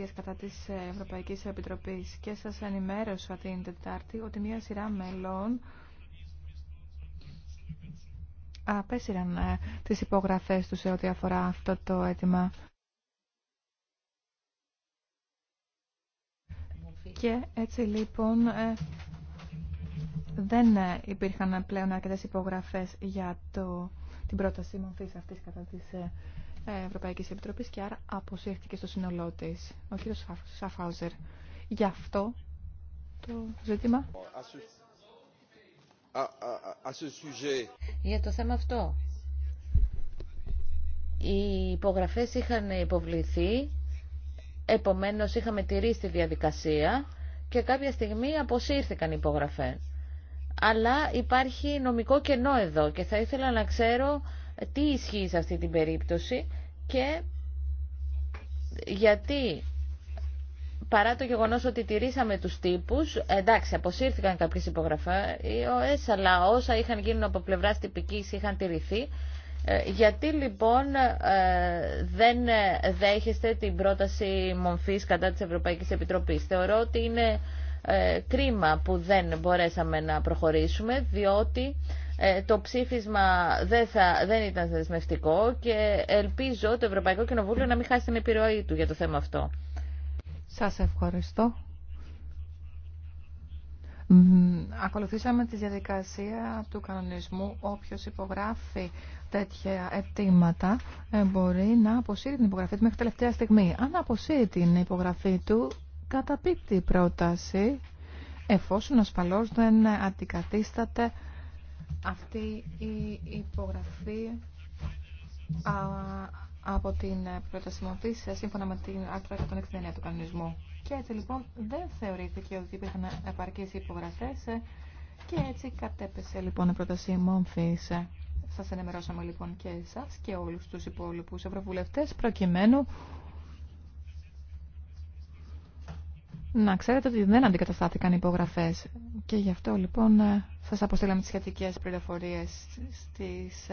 κατά της Ευρωπαϊκής Επιτροπής και σας ενημέρωσα την Τετάρτη ότι μια σειρά μελών απέσυραν ε, τις υπογραφές τους σε ό,τι αφορά αυτό το αίτημα. Και έτσι λοιπόν ε, δεν ε, υπήρχαν πλέον αρκετές υπογραφές για το, την πρόταση μορφής αυτής κατά της ε, Ευρωπαϊκής Επιτροπής και άρα αποσύρθηκε στο σύνολό τη. Ο κύριος Σαφάουζερ. Γι' αυτό το ζήτημα. Για το θέμα αυτό. Οι υπογραφές είχαν υποβληθεί, επομένως είχαμε τηρήσει τη διαδικασία και κάποια στιγμή αποσύρθηκαν οι υπογραφές. Αλλά υπάρχει νομικό κενό εδώ και θα ήθελα να ξέρω τι ισχύει σε αυτή την περίπτωση και γιατί παρά το γεγονός ότι τηρήσαμε τους τύπους, εντάξει, αποσύρθηκαν κάποιες υπογραφές, αλλά όσα είχαν γίνει από πλευράς τυπικής είχαν τηρηθεί. Ε, γιατί λοιπόν ε, δεν δέχεστε την πρόταση μομφής κατά της Ευρωπαϊκής Επιτροπής. Θεωρώ ότι είναι ε, κρίμα που δεν μπορέσαμε να προχωρήσουμε, διότι ε, το ψήφισμα δεν, θα, δεν ήταν δεσμευτικό και ελπίζω το Ευρωπαϊκό Κοινοβούλιο να μην χάσει την επιρροή του για το θέμα αυτό. Σας ευχαριστώ. Ακολουθήσαμε τη διαδικασία του κανονισμού. Όποιος υπογράφει τέτοια αιτήματα ε, μπορεί να αποσύρει την υπογραφή του μέχρι τελευταία στιγμή. Αν αποσύρει την υπογραφή του, καταπίπτει η πρόταση εφόσον ασφαλώς δεν αντικαθίσταται αυτή η υπογραφή από την προτασιμοποίηση σύμφωνα με την άκρη 169 του κανονισμού. Και έτσι λοιπόν δεν θεωρήθηκε ότι υπήρχαν επαρκείς υπογραφές και έτσι κατέπεσε λοιπόν η πρόταση μόμφης. Σας ενημερώσαμε λοιπόν και εσάς και όλους τους υπόλοιπους ευρωβουλευτές προκειμένου να ξέρετε ότι δεν αντικαταστάθηκαν υπογραφές. Και γι' αυτό λοιπόν σας αποστέλαμε τις σχετικές πληροφορίες στις